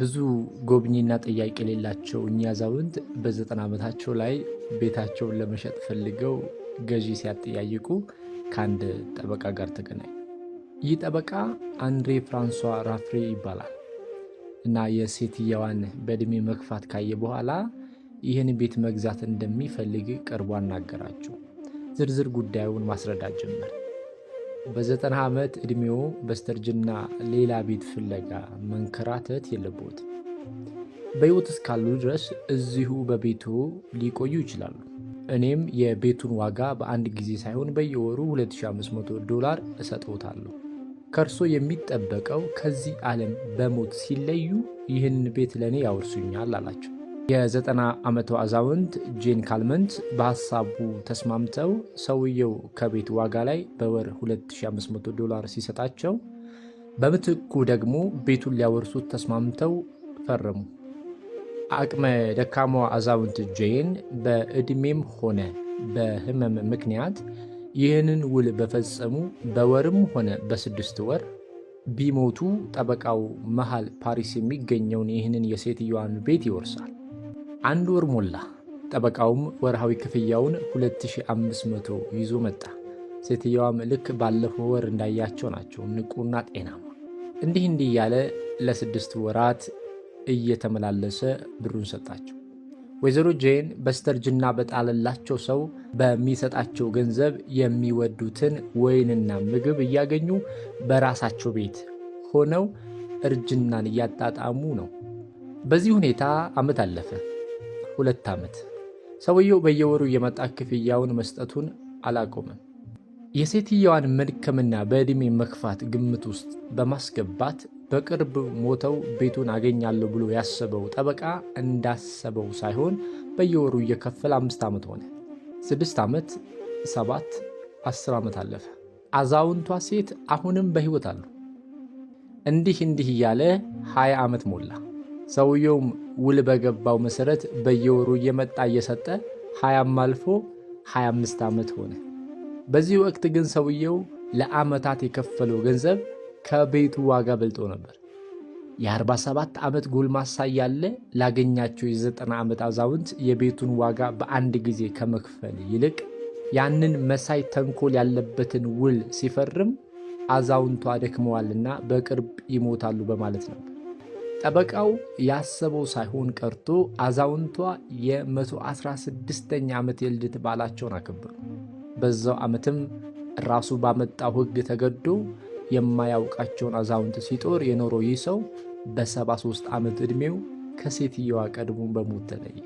ብዙ ጎብኚና ጠያቂ የሌላቸው እኚህ አዛውንት በዘጠና ዓመታቸው ላይ ቤታቸውን ለመሸጥ ፈልገው ገዢ ሲያጠያይቁ ከአንድ ጠበቃ ጋር ተገናኙ። ይህ ጠበቃ አንድሬ ፍራንሷ ራፍሬ ይባላል እና የሴትየዋን በእድሜ መግፋት ካየ በኋላ ይህን ቤት መግዛት እንደሚፈልግ ቀርቦ አናገራቸው። ዝርዝር ጉዳዩን ማስረዳት ጀመር። በዘጠና ዓመት ዕድሜው በስተርጅና ሌላ ቤት ፍለጋ መንከራተት የለቦት። በሕይወት እስካሉ ድረስ እዚሁ በቤቱ ሊቆዩ ይችላሉ። እኔም የቤቱን ዋጋ በአንድ ጊዜ ሳይሆን በየወሩ 2500 ዶላር እሰጥዎታለሁ። ከእርሶ የሚጠበቀው ከዚህ ዓለም በሞት ሲለዩ ይህን ቤት ለእኔ ያወርሱኛል አላቸው። የዘጠና ዓመቱ አዛውንት ጄን ካልመንት በሀሳቡ ተስማምተው ሰውየው ከቤት ዋጋ ላይ በወር 2500 ዶላር ሲሰጣቸው በምትኩ ደግሞ ቤቱን ሊያወርሱት ተስማምተው ፈረሙ። አቅመ ደካማዋ አዛውንት ጄን በዕድሜም ሆነ በሕመም ምክንያት ይህንን ውል በፈጸሙ በወርም ሆነ በስድስት ወር ቢሞቱ ጠበቃው መሃል ፓሪስ የሚገኘውን ይህንን የሴትዮዋን ቤት ይወርሳል። አንድ ወር ሞላ። ጠበቃውም ወርሃዊ ክፍያውን 2500 ይዞ መጣ። ሴትየዋም ልክ ባለፈው ወር እንዳያቸው ናቸው፣ ንቁና ጤናማ። እንዲህ እንዲህ እያለ ለስድስት ወራት እየተመላለሰ ብሩን ሰጣቸው። ወይዘሮ ጄን በስተርጅና በጣለላቸው ሰው በሚሰጣቸው ገንዘብ የሚወዱትን ወይንና ምግብ እያገኙ በራሳቸው ቤት ሆነው እርጅናን እያጣጣሙ ነው። በዚህ ሁኔታ ዓመት አለፈ። ሁለት ዓመት ሰውየው በየወሩ የመጣ ክፍያውን መስጠቱን አላቆመም። የሴትየዋን መድከምና በዕድሜ መክፋት ግምት ውስጥ በማስገባት በቅርብ ሞተው ቤቱን አገኛለሁ ብሎ ያሰበው ጠበቃ እንዳሰበው ሳይሆን በየወሩ እየከፈለ አምስት ዓመት ሆነ። ስድስት ዓመት፣ ሰባት፣ አስር ዓመት አለፈ። አዛውንቷ ሴት አሁንም በሕይወት አሉ። እንዲህ እንዲህ እያለ ሀያ ዓመት ሞላ። ሰውየውም ውል በገባው መሰረት በየወሩ እየመጣ እየሰጠ ሀያም አልፎ 25 ዓመት ሆነ። በዚህ ወቅት ግን ሰውየው ለዓመታት የከፈለው ገንዘብ ከቤቱ ዋጋ በልጦ ነበር። የ47 ዓመት ጎልማሳ ያለ ላገኛቸው የ90 ዓመት አዛውንት የቤቱን ዋጋ በአንድ ጊዜ ከመክፈል ይልቅ ያንን መሳይ ተንኮል ያለበትን ውል ሲፈርም አዛውንቷ ደክመዋልና በቅርብ ይሞታሉ በማለት ነበር። ጠበቃው ያሰበው ሳይሆን ቀርቶ አዛውንቷ የ116ኛ ዓመት የልድት በዓላቸውን አከበሩ። በዛው ዓመትም ራሱ ባመጣው ሕግ ተገዶ የማያውቃቸውን አዛውንት ሲጦር የኖረው ይህ ሰው በ73 ዓመት ዕድሜው ከሴትየዋ ቀድሞ በሞት ተለየ።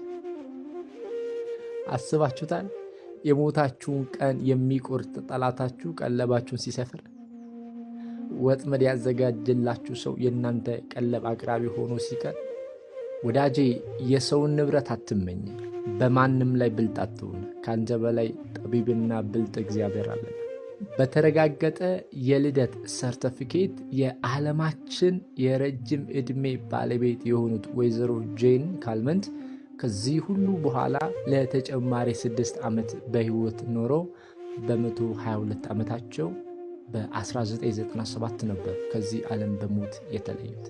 አስባችሁታል? የሞታችሁን ቀን የሚቆርጥ ጠላታችሁ ቀለባችሁን ሲሰፍር ወጥመድ ያዘጋጀላችሁ ሰው የእናንተ ቀለብ አቅራቢ ሆኖ ሲቀር፣ ወዳጄ የሰውን ንብረት አትመኝ፣ በማንም ላይ ብልጥ አትሁን። ከአንተ በላይ ጠቢብና ብልጥ እግዚአብሔር አለን። በተረጋገጠ የልደት ሰርተፊኬት የዓለማችን የረጅም ዕድሜ ባለቤት የሆኑት ወይዘሮ ጄን ካልመንት ከዚህ ሁሉ በኋላ ለተጨማሪ ስድስት ዓመት በሕይወት ኖረው በ122 ዓመታቸው በ1997 ነበር ከዚህ ዓለም በሞት የተለዩት።